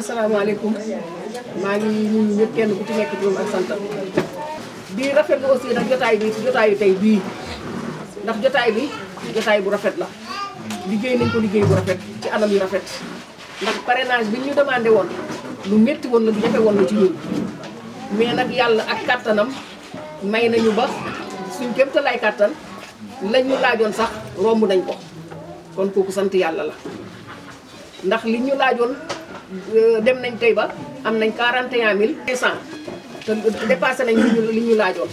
asalaamaaleykum maa ngi nuyu ñëpp kenn ku ci nekk di ak santa sant rafet rafetlu aussi nag jotaay bi jotaayu tey bii ndax jotaay bi jotaay bu rafet la liggéey nañ ko liggéey bu rafet ci anam yu rafet ndax parrainage bi ñu demandé woon lu métti woon la lu jafe woon la ci ñun mais nag yàlla ak kàttanam may nañu ba suñ kéemtalaay kàttan lañ laajoon sax romb nañ ko kon kooku sant yàlla la ndax li laajoon Euh, dem nañ tey ba am nañ 41 mille 500 te dépassé nañ li ñu laajoon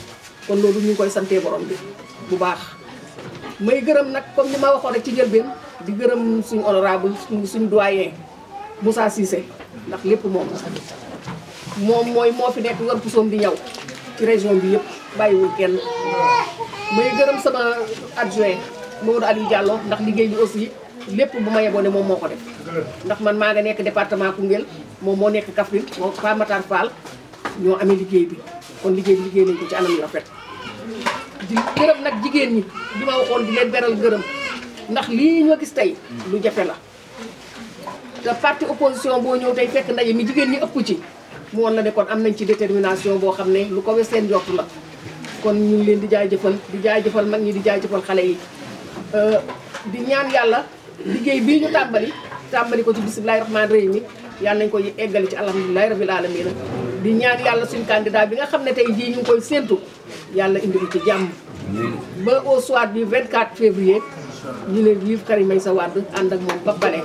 kon loolu ñu ngi koy sante borom bi bu baax may gërëm nag comme ni ma waxoo rek ci njëlbeen di gërëm suñu honorable suñu doyen Moussa Cissé ndax lépp moom moom mooy moo fi nekk wër pusoom di ñaw ci région bi yëpp bàyyiwul kenn may gërëm sama adjoint Maodo Aliou Diallo ndax liggéey bi aussi lépp bu ma yeboo ne moom moo ko def ndax man maa nga nekk département Koungheul moom moo nekk Kaffrine moom Pa Matar Fall ñoo amee liggéey bi kon liggéey bi liggéey nañ ko ci anam yu nag jigéen ñi li ma waxoon di leen beral gërëm ndax lii ñoo gis tey lu jafe la te parti boo ñëw tey fekk ndaje mi jigéen ñi ëpp ci mu woon la ne kon am nañ ci détermination boo xam ne lu ko we seen yokk la kon ñu ngi leen di jaajëfal di jaajëfal mag ñi di jaajëfal xale yi euh, di ñaan yàlla liggéey bii ñu tàmbali tàmbali ko ci bisimilahi rahmaani rahim yi yàlla nañ koy eggali ci alhamdulilahi rabil alamin di ñaan yàlla suñu candidat bi nga xam ne tey jii ñu ngi koy séntu yàlla indi ci jàmm ba au soir du 24 février ñu leen vive Karim sa Wade ànd ak moom ba pare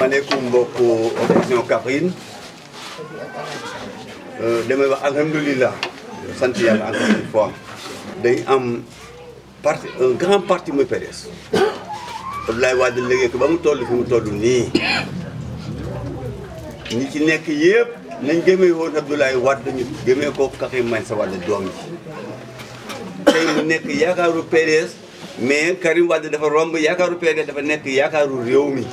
maaleykum mbokk opposition Kaffrine euh, damay wax alhamdulilah sant yàlla encore une fois day am parti un grand parti muy PDS Abdoulaye Wade liggéey ko ba mu toll fi mu toll nii ñu ci nekk yëpp nañ gëmee woon Abdoulaye Wade ñu gëmee ko Karim Meïssa Wade doom ji tey mu nekk yaakaaru PDS mais Karim Wade dafa romb yaakaaru PDS dafa nekk yaakaaru réew mi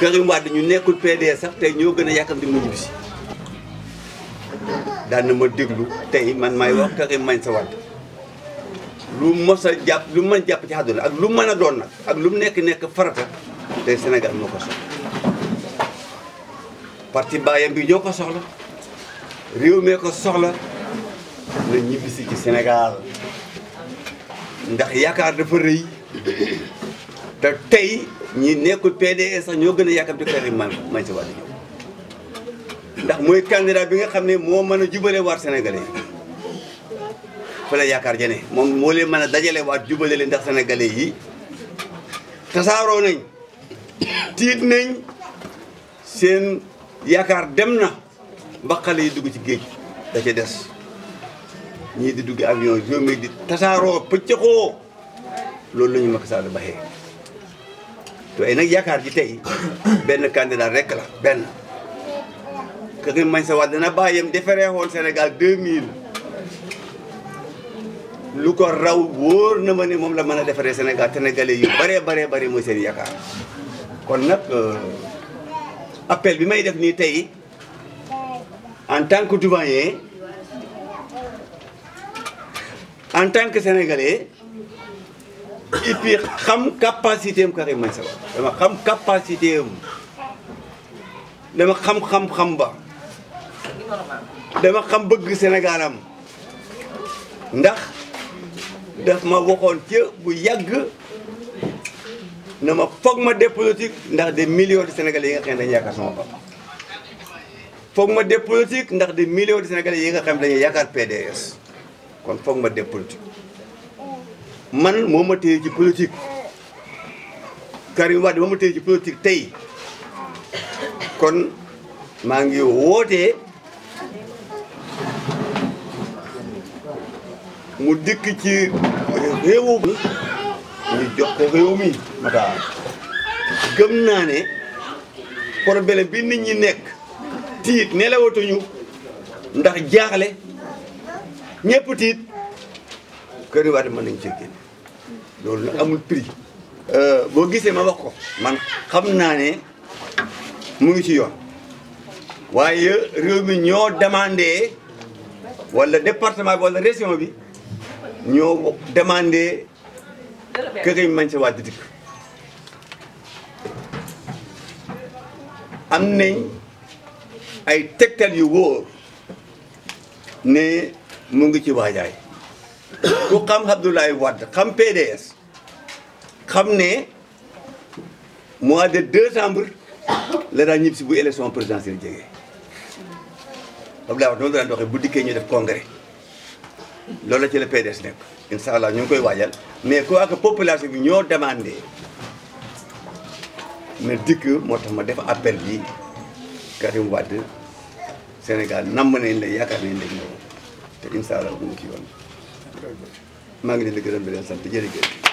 Karim ñu nekkul PDS sax tey ñoo gën a yàkkamti mu ñibbisi daan na ma déglu tey man maay wax Karim Meïssa Wade lu mos a jàpp lu mën jàpp ci àdduna ak lu mën a doon nag ak lu mu nekk nekk farata tey Sénégal moo ko soxla parti baayam bi ñoo ko soxla réew mee ko soxla na ñibbisi ci Sénégal ndax yaakaar dafa rëy te tey ñi nekkul PDS sax ñoo gën a yaakaar di koy man man si wàllu ndax mooy candidat bi nga xam ne moo mën a jubale waar sénégalais fa la yaakaar jane moom moo leen mën a dajale waat jubale leen ndax sénégalais yi tasaaroo nañ tiit nañ seen yaakaar dem na ba xale yi dugg ci géej da ca des ñii di dugg avion jomé di tasaaroo pëccëxoo loolu la ñu Macky Sall baxee to ay nag yaakaar ji tey benn candidat rek la benn ka nga mañ sa wax dana bàyyam deferee woon Sénégal lu ko raw woor na ma ni moom la mën a defaree Sénégal sénégalais yu bëree baree bëri mooy seen yaakaar kon nag euh, appel bi may def nii tey en tant que doyen en tant que sénégalais et puis xam capacité am Karim Meïssa Wade dama xam capacité am dama xam-xam-xam ba dama xam bëgg Sénégalam ndax daf ma waxoon ca bu yàgg na ma foog ma def politique ndax de millions de sénégalais yi nga xam ne dañuy yaakaar sama papa foog ma def politique ndax de millions de sénégalais yi nga xam ne dañuy yaakaar PDS kon foog ma def politique man moo ma téye ci politique Karim Wade moo ma téye ci politique tey kon maa ngi wootee mu dikk ci réewoo mi ñu jox ko réew mi Matar gëm naa ne problème bi nit ñi nekk tiit nelawatuñu ndax jaaxle ñëpp tiit kër yi waat mën nañ cee génn loolu nag amul prix euh, boo gisee ma wax man xam naa ne mu ngi ci yoon waaye réew mi ñoo demandé wala département bi wala région bi ñoo demandé que Karim Meïssa Wade dikk am nañ ay tegtal yu wóor ne mu ngi ci waajaay ku xam Abdoulaye Wade xam PDS xam ne mois de décembre la daan ñibbi si président élection présidentielle jege Abdoulaye Wade noonu la daan doxee bu dikkee ñu def congrès loolu la ci la PDS nekk incha allah ñu ngi koy waajal mais quoi que population bi ñoo demandé na dikk moo tax ma def appel bi Karim Wade Sénégal namm nañ la yaakaar nañ la ñëw te incha allah bu ñu ci yoon maa ngi leen di gërëm di leen sant jërëjëf.